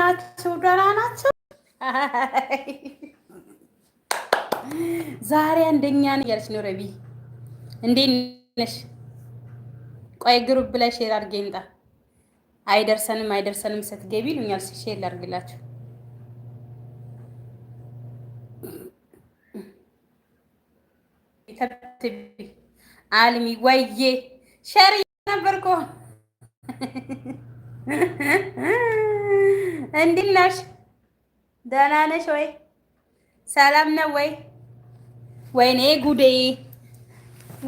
ናቸው፣ ደህና ናቸው። ዛሬ አንደኛ ነው እያለች ነው ረቢ። እንዴት ነሽ? ቆይ ግሩፕ ላይ ሼር አድርጌ እንጣ አይደርሰንም አይደርሰንም ስትገቢ ይሉኛል። ሼር ላድርግላችሁ። አልሚ ወዬ ሸር ነበርኮ እንዴት ነሽ? ደህና ነሽ ወይ? ሰላም ነው ወይ? ወይኔ ጉዴ!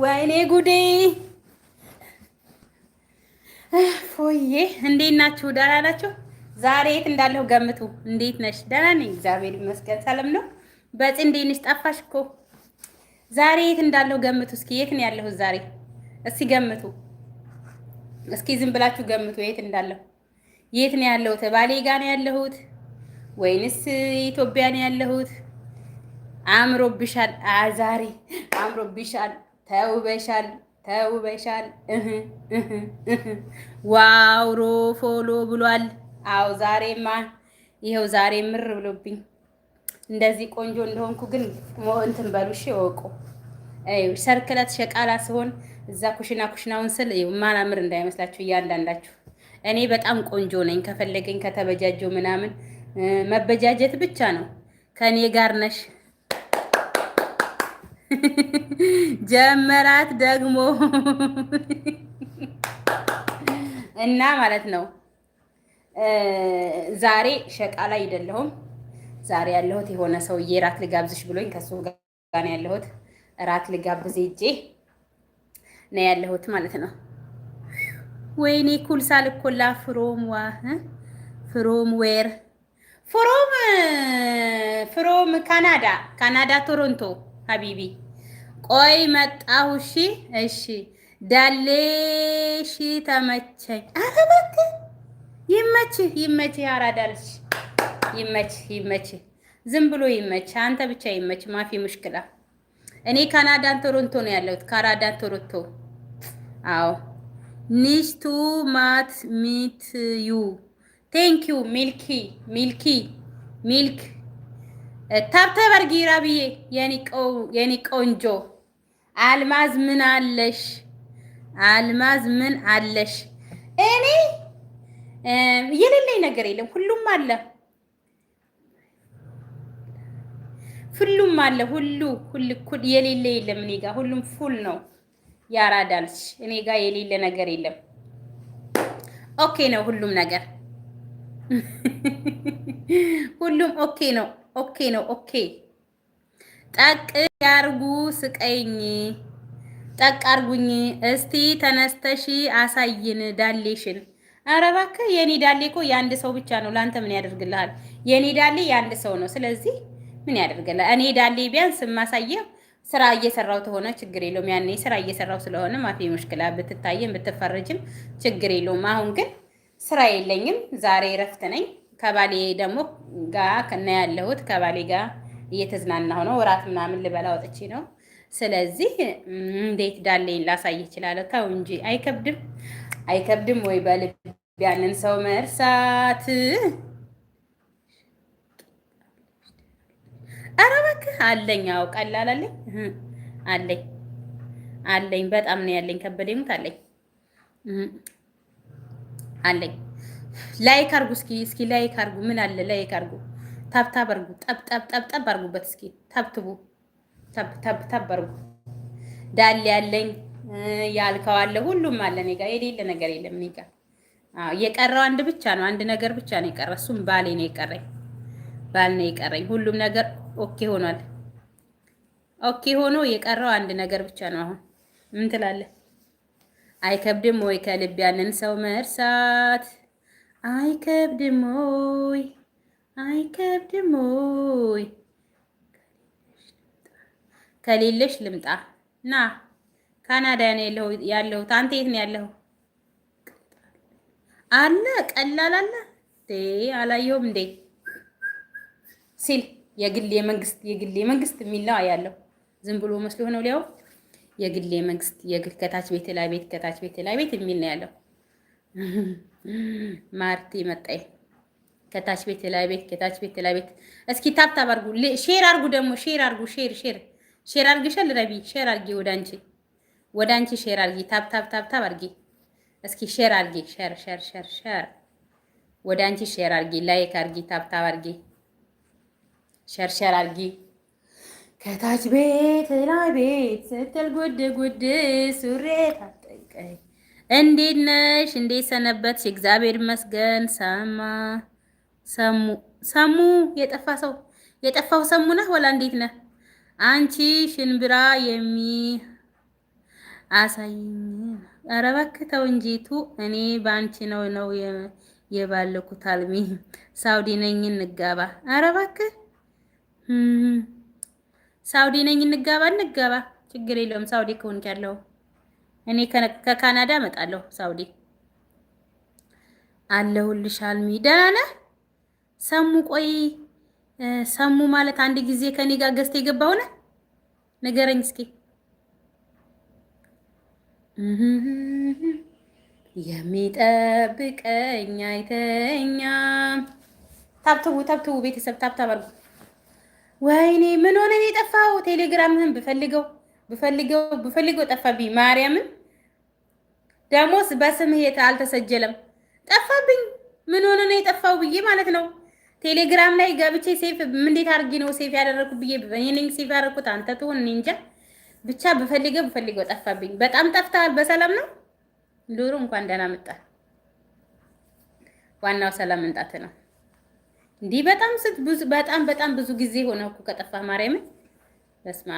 ወይኔ ጉዴ! ፎዬ እንዴት ናችሁ? ደህና ናችሁ? ዛሬ የት እንዳለሁ ገምቱ። እንዴት ነሽ? ደህና ነኝ እግዚአብሔር ይመስገን። ሰላም ነው። በጽ እንዴት ነሽ? ጠፋሽ እኮ። ዛሬ የት እንዳለሁ ገምቱ እስኪ። የት ነው ያለሁት ዛሬ? እስኪ ገምቱ እስኪ። ዝም ብላችሁ ገምቱ የት እንዳለሁ የት ነው ያለሁት? ባሌ ጋ ነው ያለሁት ወይንስ ኢትዮጵያ ነው ያለሁት? አምሮብሻል፣ ዛሬ አምሮብሻል፣ ተውበሻል፣ ተውበሻል። ዋው ሮፎሎ ብሏል። አው ዛሬማ ይኸው ዛሬ ምር ብሎብኝ እንደዚህ ቆንጆ እንደሆንኩ ግን እንትን በሉሽ ወቁ ሰርክለት ሸቃላ ሲሆን እዛ ኩሽና ኩሽናውን ስል ማላምር እንዳይመስላችሁ እያንዳንዳችሁ እኔ በጣም ቆንጆ ነኝ። ከፈለገኝ ከተበጃጀው ምናምን መበጃጀት ብቻ ነው። ከእኔ ጋር ነሽ ጀመራት ደግሞ እና ማለት ነው። ዛሬ ሸቃ ላይ አይደለሁም። ዛሬ ያለሁት የሆነ ሰውዬ እራት ልጋብዝሽ ብሎኝ ከሱ ጋር ያለሁት። እራት ልጋብዝ ሂጄ ነው ያለሁት ማለት ነው። ወይኔ ኩልሳ ልኮላ ፍሮም ዋ ፍሮም ዌር ፍሮም ፍሮም ካናዳ ካናዳ ቶሮንቶ ሀቢቢ ቆይ መጣሁ። እሺ እሺ ዳሌ ሺ ተመቸኝ። ኧረ እባክህ ይመች ይመች አራዳልሽ ይመች ይመች ዝም ብሎ ይመች። አንተ ብቻ ይመች። ማፊ ሙሽክላ። እኔ ካናዳን ቶሮንቶ ነው ያለሁት። ካናዳን ቶሮንቶ አዎ ኒስቱ ማት ሚት ዩ ቴንክ ዩ ሚልኪ ሚልኪ ሚልክ ታብታብ አድርጊ ብዬ የኔ ቆንጆ አልማዝ ምን አለሽ? አልማዝ ምን አለሽ? እኔ eh, የሌለኝ ነገር የለም። ሁሉም አለ፣ ሁሉም አለ። ሁሉ የሌለ የለም እኔ ጋ ሁሉም ፉል ነው። ያራዳልሽ እኔ ጋር የሌለ ነገር የለም። ኦኬ ነው ሁሉም ነገር ሁሉም ኦኬ ነው። ኦኬ ነው። ኦኬ ጠቅ ያርጉ ስቀኝ ጠቅ አርጉኝ። እስቲ ተነስተሽ አሳይን ዳሌሽን። ኧረ እባክህ የኔ ዳሌ እኮ የአንድ ሰው ብቻ ነው። ለአንተ ምን ያደርግልሃል? የኔ ዳሌ የአንድ ሰው ነው። ስለዚህ ምን ያደርግልሃል? እኔ ዳሌ ቢያንስ ማሳየው ስራ እየሰራው ተሆነ ችግር የለውም። ያኔ ስራ እየሰራው ስለሆነ ማፊ ሙሽክላ ብትታይም ብትፈረጅም ችግር የለውም። አሁን ግን ስራ የለኝም። ዛሬ እረፍት ነኝ። ከባሌ ደግሞ ጋ ከና ያለሁት ከባሌ ጋ እየተዝናናሁ ነው። እራት ምናምን ልበላ ወጥቼ ነው። ስለዚህ እንዴት ዳለኝ ላሳይ እችላለሁ? ተው እንጂ አይከብድም፣ አይከብድም ወይ በልብ ያንን ሰው መርሳት ኧረ እባክህ አለኝ። አዎ ቀላል አለኝ አለኝ አለኝ በጣም ነው ያለኝ። ከበደ ይሙት አለኝ አለኝ። ላይክ አርጉ እስኪ እስኪ ላይክ አርጉ። ምን አለ ላይክ አርጉ። ታብታብ አርጉ። ጠብ ጠብ ጠብ ጠብ አርጉበት እስኪ ታብትቡ ታብ ታብ ታብ አርጉ። ዳል ያለኝ ያልከው አለ ሁሉም አለ። እኔ ጋር የሌለ ነገር የለም እኔ ጋር። አዎ የቀረው አንድ ብቻ ነው። አንድ ነገር ብቻ ነው የቀረ። እሱም ባሌ ነው የቀረኝ። ባል ነው የቀረኝ። ሁሉም ነገር ኦኬ ሆኗል። ኦኬ ሆኖ የቀረው አንድ ነገር ብቻ ነው። አሁን ምን ትላለህ? አይከብድም ወይ ከልብ ያንን ሰው መርሳት? አይከብድም ወይ አይከብድም ወይ ከሌለሽ ልምጣ ና ካናዳ ነው ያለው አንተ የት ነው ያለው? አለ ቀላል አለ አላየውም እንዴ ሲል የግል የመንግስት የግል የመንግስት የሚል ነው ያለው። ዝም ብሎ መስሎ ነው ሊያው የግል የመንግስት የግል ከታች ቤት ላይ ቤት ከታች ቤት ላይ ቤት የሚል ነው ያለው። ማርቲ መጣይ ከታች ቤት ላይ ቤት ከታች ቤት ላይ ቤት። እስኪ ታብታብ አርጉ፣ ሼር አርጉ፣ ደግሞ ሼር አርጉ። ሼር ሼር ሼር አርግሻል ረቢ፣ ሼር አርጊ፣ ወዳንቺ ወዳንቺ ሼር አርጊ። ታብታብ ታብታብ አርጊ። እስኪ ሼር አርጊ፣ ሼር ሼር ሼር ሼር ወዳንቺ ሼር አርጊ፣ ላይክ አርጊ፣ ታብታብ አርጊ። ሸርሸር አድርጊ ከታች ቤት ላይ ቤት ስትል ጉድ ጉድ ሱሬ ታጠንቀኝ። እንዴት ነሽ? እንዴት ሰነበትሽ? እግዚአብሔር ይመስገን። ሰማ ሰሙ ሰሙ የጠፋ ሰው የጠፋው ሰሙ ነህ ወላ እንዴት ነህ አንቺ? ሽንብራ የሚ አሳይኝ። ኧረ እባክህ ተው እንጂ ቱ እኔ በአንቺ ነው ነው የባለኩት። አልሚ ሳውዲ ነኝ እንጋባ። ኧረ እባክህ ሳውዲ ነኝ። እንጋባ እንጋባ፣ ችግር የለውም። ሳውዲ ከሆንክ ያለው እኔ ከካናዳ እመጣለሁ። ሳውዲ አለሁልሽ። አልሚ ደህና ነህ? ሰሙ ቆይ፣ ሰሙ ማለት አንድ ጊዜ ከኔ ጋር ገዝተህ የገባው ነገረኝ ንገረኝ እስኪ። የሚጠብቀኝ አይተኛም። ታብትቡ ታብትቡ፣ ቤተሰብ ታብታብ አድርጉ። ወይኔ ምን ሆነ የጠፋው? ቴሌግራምህን ብፈልገው ብፈልገው ብፈልገው ጠፋብኝ። ማርያምን ደሞስ በስምህ አልተሰጀለም ጠፋብኝ። ምን ሆነ ነው የጠፋው ብዬ ማለት ነው። ቴሌግራም ላይ ገብቼ ሴፍ እንዴት አድርጌ ነው ሴፍ ያደረኩት ብዬ እኔ ሴፍ ያደረኩት አንተ ትሆን እኔ እንጃ። ብቻ ብፈልገው ብፈልገው ጠፋብኝ። በጣም ጠፍተሃል። በሰላም ነው? ዶሮ እንኳን ደህና መጣ። ዋናው ሰላም መምጣት ነው። እንዲህ በጣም ስት ብዙ በጣም በጣም ብዙ ጊዜ ሆነ እኮ ከጠፋ ማርያምን በስማ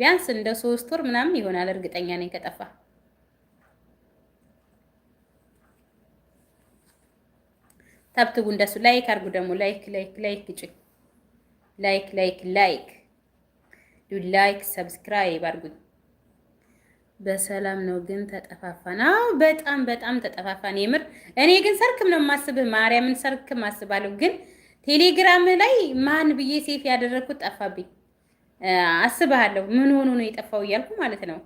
ቢያንስ እንደ ሶስት ወር ምናምን ይሆናል እርግጠኛ ነኝ ከጠፋ ታብትቡ እንደሱ ላይክ አርጉ ደግሞ ላይክ ላይክ ላይክ ግጭ ላይክ ላይክ ላይክ ዱ ላይክ ሰብስክራይብ አርጉኝ በሰላም ነው ግን ተጠፋፋን። አዎ በጣም በጣም ተጠፋፋን። የምር እኔ ግን ሰርክም ነው የማስብህ፣ ማርያምን ሰርክም አስባለሁ። ግን ቴሌግራም ላይ ማን ብዬ ሴፍ ያደረግኩት ጠፋብኝ። አስብሃለሁ ምን ሆኖ ነው የጠፋው እያልኩ ማለት ነው።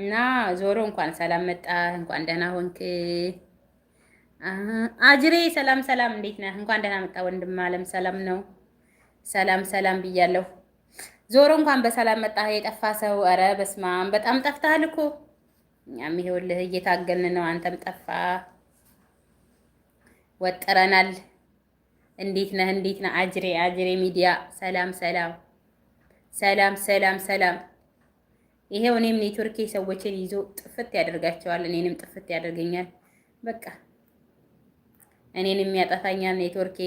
እና ዞሮ እንኳን ሰላም መጣ፣ እንኳን ደህና ሆንክ አጅሬ። ሰላም ሰላም፣ እንዴት ነህ? እንኳን ደህና መጣ ወንድም አለም። ሰላም ነው። ሰላም ሰላም ብያለሁ። ዞሮ እንኳን በሰላም መጣ የጠፋ ሰው። ኧረ በስመ አብ በጣም ጠፍተሃል እኮ። እኛም ይኸውልህ እየታገልን ነው። አንተም ጠፋ ወጥረናል። እንዴት ነህ? እንዴት ነህ? አጅሬ አጅሬ ሚዲያ ሰላም ሰላም ሰላም ሰላም ሰላም። ይሄው እኔም ኔትወርኬ ሰዎችን ይዞ ጥፍት ያደርጋቸዋል፣ እኔንም ጥፍት ያደርገኛል። በቃ እኔንም ያጠፋኛል ኔትወርኬ፣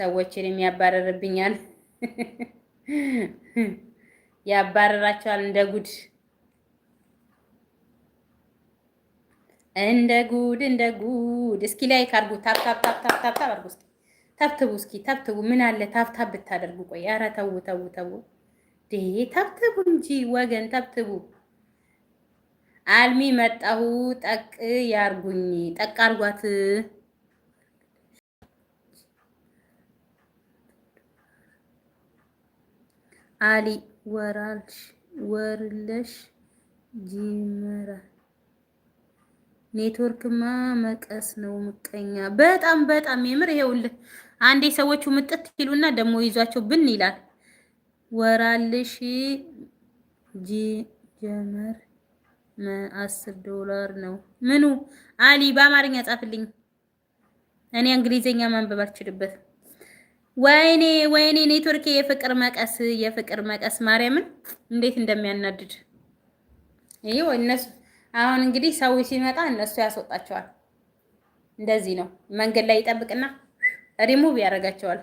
ሰዎችንም ያባረርብኛል። ያባረራቸዋል እንደ ጉድ እንደ ጉድ እንደ ጉድ። እስኪ ላይ ካርጉ ታብታብ ታብታብ ታብታብ አርጉ። እስኪ ታብትቡ፣ እስኪ ታብትቡ። ምን አለ ታብታብ ብታደርጉ? ቆይ ኧረ ተው ተው ተው፣ ታብትቡ እንጂ ወገን፣ ታብትቡ። አልሚ መጣሁ ጠቅ ያርጉኝ፣ ጠቅ አርጓት አሊ ወርለሽ ጅምራ ኔትወርክማ መቀስ ነው ምቀኛ። በጣም በጣም የምር ይኸውልህ፣ አንዴ ሰዎቹ ምጥት ይሉና ደግሞ ይዟቸው ብን ይላል። ወራልሽ ጀመር አስር ዶላር ነው ምኑ። አሊ በአማርኛ ጻፍልኝ፣ እኔ እንግሊዘኛ ማንበብ አልችልበት ወይኔ ወይኔ ኔትወርክ የፍቅር መቀስ የፍቅር መቀስ ማርያምን እንዴት እንደሚያናድድ ይኸው። እነሱ አሁን እንግዲህ ሰው ሲመጣ እነሱ ያስወጣቸዋል። እንደዚህ ነው። መንገድ ላይ ይጠብቅና ሪሙቭ ያደርጋቸዋል።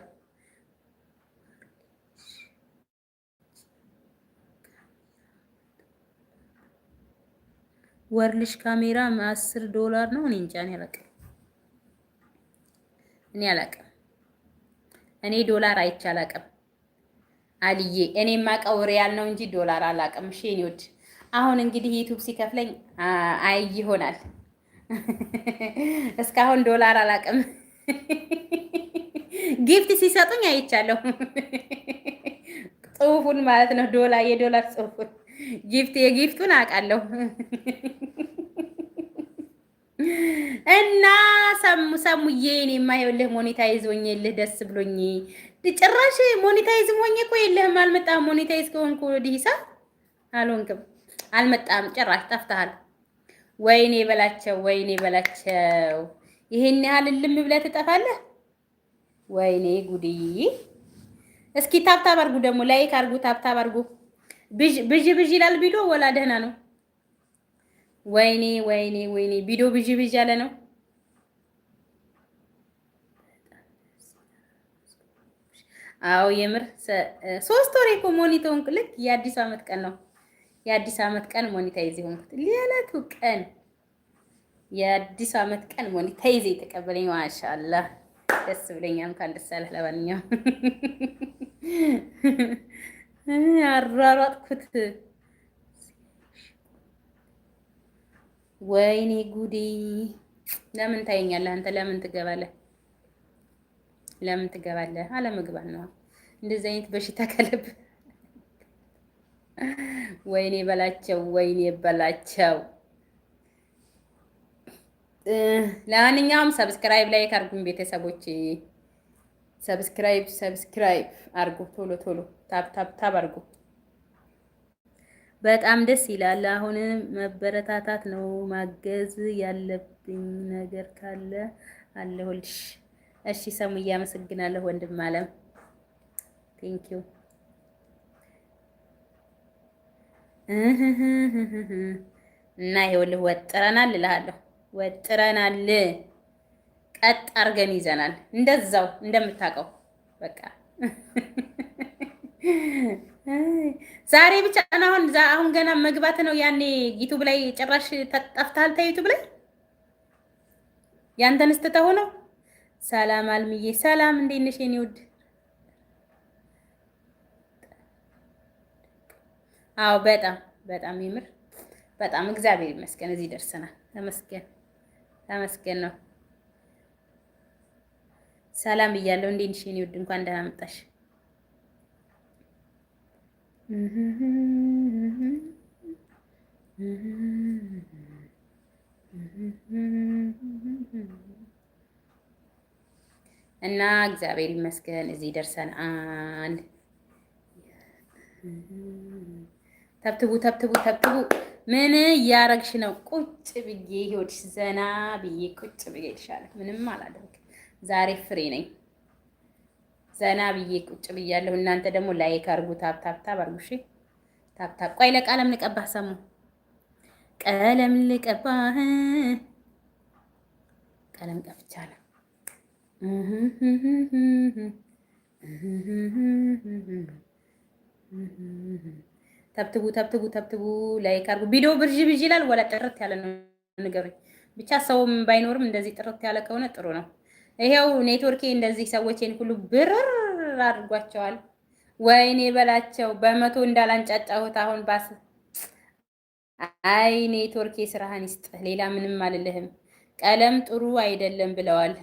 ወርልሽ ካሜራ አስር ዶላር ነው። እኔ እንጃ እኔ አላውቅም እኔ እኔ ዶላር አይቼ አላቅም አልዬ። እኔ ማቀው ሪያል ነው እንጂ ዶላር አላቅም። እሺ አሁን እንግዲህ ዩቲዩብ ሲከፍለኝ አይ ይሆናል። እስካሁን ዶላር አላቅም። ጊፍት ሲሰጡኝ አይቻለሁ። ጽሁፉን ማለት ነው ዶላር የዶላር ጽሁፉን ጊፍት የጊፍቱን አውቃለሁ። እና ሰሙዬ እኔ የማየውልህ ሞኔታይዝ ሆኜልህ ደስ ብሎኝ። ጭራሽ ሞኔታይዝ ሆኜ እኮ የለህም አልመጣም። ሞኔታይዝ ከሆንኩ ወዲህ ሂሳብ አልሆንክም። አልመጣም፣ ጭራሽ ጠፍተሃል። ወይኔ በላቸው፣ ወይኔ በላቸው። ይሄን ያህል ልም ብለህ ትጠፋለህ? ወይኔ ጉዲ! እስኪ ታብታብ አርጉ ደግሞ ላይክ አድርጉ፣ ታብታብ አርጉ ብዥ ብዥ ይላል ቢሎ ወላ ደህና ነው። ወይኔ ወይኔ ወይኔ ቪዲዮ ብዥ ብዥ ያለ ነው። አዎ የምር ሶስት ወሬ እኮ ሞኒታውን ልክ የአዲስ አመት ቀን ነው። የአዲስ አመት ቀን ሞኒታይዝ የሆንኩት ሌላቱ ቀን የአዲስ አመት ቀን ሞኒታይዝ የተቀበለኝ ማሻአላህ ደስ ብለኛል። እንኳን ደስ አለህ። ለማንኛውም አሯሯጥኩት። ወይኔ ጉዴ! ለምን ታየኛለህ አንተ? ለምን ትገባለህ? ለምን ትገባለህ? አለመግባት ነው እንደዚህ አይነት በሽታ ከለብ። ወይኔ በላቸው፣ ወይኔ በላቸው። ለማንኛውም ሰብስክራይብ ላይ ካርጉን ቤተሰቦች፣ ሰብስክራይብ ሰብስክራይብ አርጉ፣ ቶሎ ቶሎ ታብ ታብ ታብ አርጉ። በጣም ደስ ይላል። አሁን መበረታታት ነው። ማገዝ ያለብኝ ነገር ካለ አለሁልሽ። እሺ ሰሙ አመሰግናለሁ ወንድም አለም ቴንክ ዩ። እና ይኸውልህ ወጥረናል እልሃለሁ፣ ወጥረናል ቀጥ አድርገን ይዘናል። እንደዛው እንደምታውቀው በቃ ዛሬ ብቻ አሁን አሁን ገና መግባት ነው። ያኔ ዩቱብ ላይ ጭራሽ ተጠፍታል። ተዩቱብ ላይ ያንተን ስተተው ነው። ሰላም አልምዬ፣ ሰላም እንዴት ነሽ የኔ ውድ? አዎ በጣም በጣም ይምር በጣም እግዚአብሔር ይመስገን፣ እዚህ ደርሰናል። ተመስገን ተመስገን ነው። ሰላም ብያለሁ። እንዴት ነሽ የኔ ውድ? እንኳን ደህና መጣሽ። እና እግዚአብሔር ይመስገን እዚህ ደርሰናል። ተብትቡ ተብትቡ ተብትቡ ምን እያረግሽ ነው? ቁጭ ብዬ ህይወትሽ ዘና ብዬ ቁጭ ብዬ ይሻላል። ምንም አላደርግም ዛሬ ፍሬ ነኝ። ዘና ብዬ ቁጭ ብያለሁ። እናንተ ደግሞ ላይክ አርጉ፣ ታብታብታብ አርጉ። እሺ ታብታብ። ቆይ ለቀለም ልቀባህ፣ ሰሙ ቀለም ልቀባህ። ቀለም ቀብቻለሁ። ተብትቡ ተብትቡ ተብትቡ ላይክ አርጉ። ቪዲዮ ብርጅ ብዥ ይላል ወላ ጥርት ያለ ነው ንገሩኝ። ብቻ ሰውም ባይኖርም እንደዚህ ጥርት ያለ ከሆነ ጥሩ ነው። ይሄው ኔትወርኬ እንደዚህ ሰዎችን ሁሉ ብርር አድርጓቸዋል። ወይኔ በላቸው በመቶ እንዳላንጫጫሁት አሁን ባስ። አይ ኔትወርኬ ስራህን ይስጥ። ሌላ ምንም አልልህም። ቀለም ጥሩ አይደለም ብለዋል።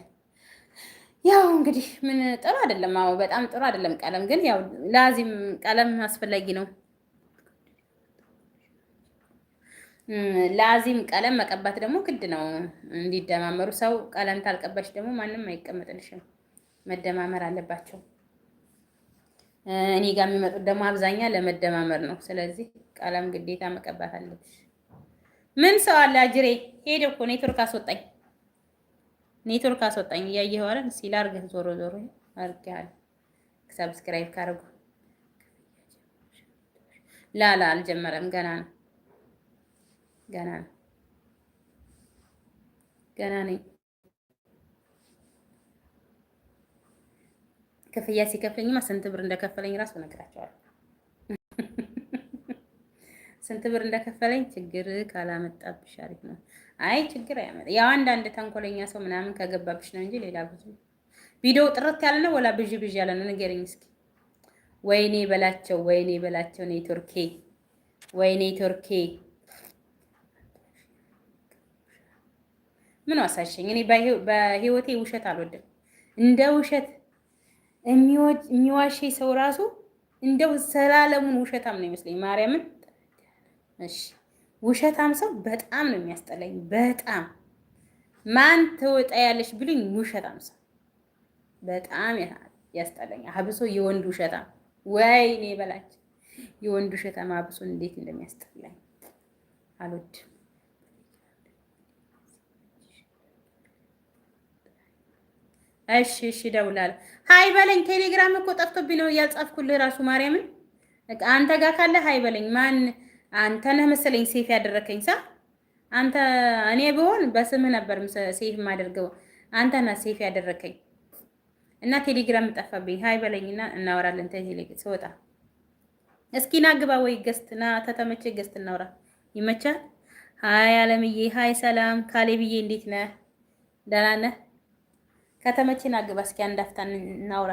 ያው እንግዲህ ምን ጥሩ አይደለም። አዎ በጣም ጥሩ አይደለም ቀለም። ግን ያው ላዚም ቀለም አስፈላጊ ነው። ለአዚም ቀለም መቀባት ደግሞ ግድ ነው እንዲደማመሩ። ሰው ቀለም ታልቀባሽ ደግሞ ማንም አይቀመጥልሽም። መደማመር አለባቸው። እኔ ጋር የሚመጡት ደግሞ አብዛኛ ለመደማመር ነው። ስለዚህ ቀለም ግዴታ መቀባት አለብሽ። ምን ሰው አለ አጅሬ ሄደ እኮ ኔትወርክ አስወጣኝ፣ ኔትወርክ አስወጣኝ። እያየ አይደል? ሲል አርገ ዞሮ ዞሮ አድርጌሀለሁ። ሰብስክራይብ ካርጉ ላላ አልጀመረም ገና ነው ገና ነው። ገና ነኝ። ክፍያ ሲከፍለኝማ ስንት ብር እንደከፈለኝ ራሱ እነግራቸዋለሁ። ስንት ብር እንደከፈለኝ ችግር ካላመጣብሽ አሪፍ ነው። አይ ችግር አያመጣ። ያው አንዳንድ ተንኮለኛ ሰው ምናምን ከገባብሽ ነው እንጂ ሌላ ብዙ ቪዲዮ ጥርት ያለ ነው ወላ ብዥ ብዥ ያለ ነው? ንገረኝ እስኪ። ወይኔ በላቸው፣ ወይኔ በላቸው፣ ኔ ወይኔ ቱርኬ ምን አሳሸኝ? እኔ በህይወቴ ውሸት አልወድም። እንደ ውሸት የሚዋሸኝ ሰው ራሱ እንደው ዘላለሙን ውሸታም ነው ይመስለኝ። ማርያምን እሺ፣ ውሸታም ሰው በጣም ነው የሚያስጠላኝ። በጣም ማን ተወጣ ያለሽ ብልኝ፣ ውሸታም ሰው በጣም ያስጠላኝ። አብሶ የወንድ ውሸታም ወይኔ በላች። የወንድ ውሸታም አብሶ እንዴት እንደሚያስጠላኝ አልወድም። እሺ እሺ፣ እደውላለሁ። ሀይ በለኝ። ቴሌግራም እኮ ጠፍቶብኝ ነው እያልጻፍኩልህ ራሱ ማርያምን። አንተ ጋር ካለ ሀይ በለኝ። ማን አንተ ነህ መሰለኝ ሴፍ ያደረከኝ ሳ አንተ። እኔ ብሆን በስምህ ነበር ሴፍ የማደርገው። አንተ ነህ ሴፍ ያደረከኝ እና ቴሌግራም ጠፋብኝ። ሀይ በለኝና እናወራለን። ቴሌግራም ስወጣ እስኪ ና ግባ ወይ ገስት ና ተተመቼ ገስት እናውራ ይመቻል። ሀይ አለምዬ፣ ሀይ ሰላም ካሌብዬ፣ እንዴት ነህ? ደህና ነህ? ና ግባ። እስኪ አንዳፍታ እናውራ፣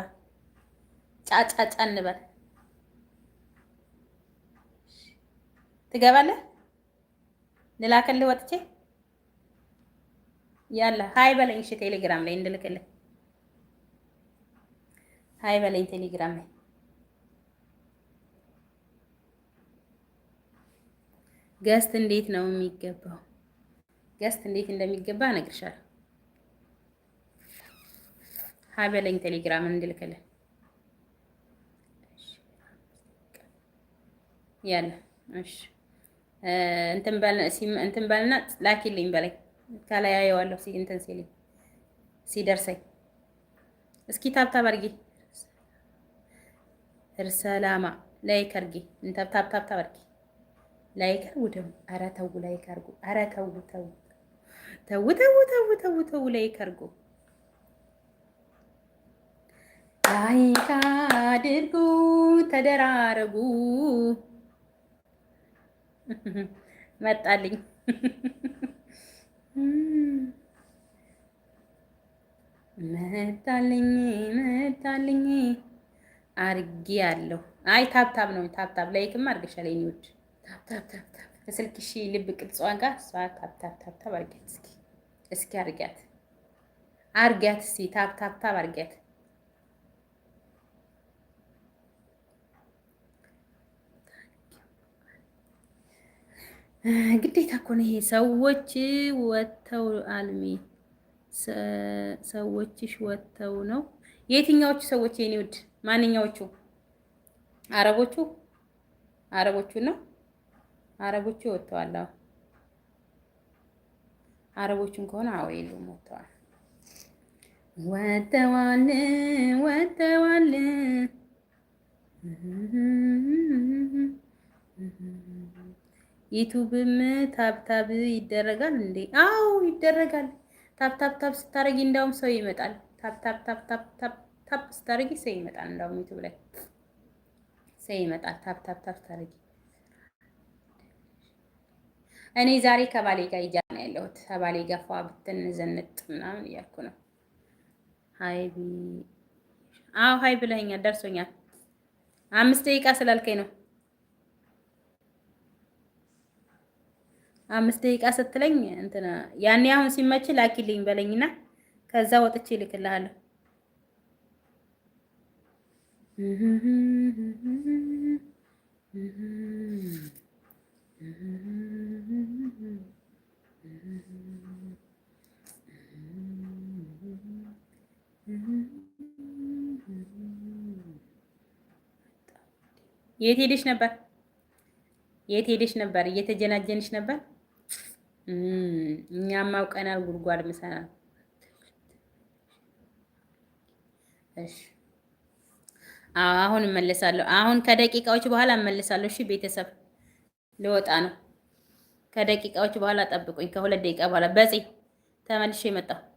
ጫጫጫ እንበል። ትገባለህ? ልላክልህ ወጥቼ ያለ ሀይ በለኝ። እሺ ቴሌግራም ላይ እንድልክልህ ሀይ በለኝ ቴሌግራም ላይ ገስት እንዴት ነው የሚገባው? ገስት እንዴት እንደሚገባ እነግርሻለሁ። ሀበለኝ ቴሌግራም እንድልክልህ ያለ እሺ እንትን ባል እንትን ባልና ላኪልኝ በላይ ከላይ አየዋለሁ ሲ እንትን ሲልኝ ሲደርሰኝ እስኪ ታብታብ አድርጊ እርሰላማ ላይክ አድርጊ እንታብ ታብ ታብ ታብ አድርጊ ላይክ አድርጉ ደግሞ ኧረ ተው ላይክ አድርጉ ኧረ ተው ተው ተው ተው ተው ተው ላይክ አድርጉ ላይክ አድርጉ ተደራረጉ። መጣልኝ መጣልኝ መጣልኝ አርጌ ያለው አይ ታብታብ ነው ታብታብ ላይክም አርገሻል። የእኔዎች ታብታብ ከስልክሽ ልብ ቅርጽዋን ጋር እሷ ታብታብ ታብታብ አርጊያት እስኪ እስኪ አርጊያት አርጊያት እስኪ ታብታብ ታብ አርጊያት ግዴታ እኮ ነው ይሄ። ሰዎች ወጥተው አልሚ ሰዎችሽ ወጥተው ነው። የትኛዎቹ ሰዎች የኔ ውድ? ማንኛዎቹ? አረቦቹ አረቦቹ ነው። አረቦቹ ወጥተዋል። አዎ አረቦቹን ከሆነ አዎ የሉም፣ ወጥተዋል። ወጥተዋል ወጥተዋል ዩቱብም ታብታብ ይደረጋል እንዴ? አዎ ይደረጋል። ታብታብ ታብ ስታረጊ እንዳውም ሰው ይመጣል። ታብታብ ታብ ታብ ስታረጊ ሰው ይመጣል። እንዳውም ዩቱብ ላይ ሰው ይመጣል። ታብታብ ታብ ስታረጊ እኔ ዛሬ ከባሌ ጋር እያለ ያለሁት። ከባሌ ጋር ፏ ብትን ዘንጥ ምናምን እያልኩ ነው። ሀይ አዎ ሀይ ብለኛል። ደርሶኛል። አምስት ደቂቃ ስላልከኝ ነው። አምስት ደቂቃ ስትለኝ እንትና ያኔ አሁን ሲመች ላኪልኝ በለኝና ከዛ ወጥቼ ይልክልሃለሁ። የት ሄደሽ ነበር? የት ሄደሽ ነበር? እየተጀናጀንሽ ነበር? እኛም አውቀናል ጉድጓድ ምሰና። እሺ አሁን እመለሳለሁ። አሁን ከደቂቃዎች በኋላ እመለሳለሁ። እሺ ቤተሰብ ልወጣ ነው። ከደቂቃዎች በኋላ ጠብቁኝ። ከሁለት ደቂቃ በኋላ በጽ ተመልሼ መጣሁ።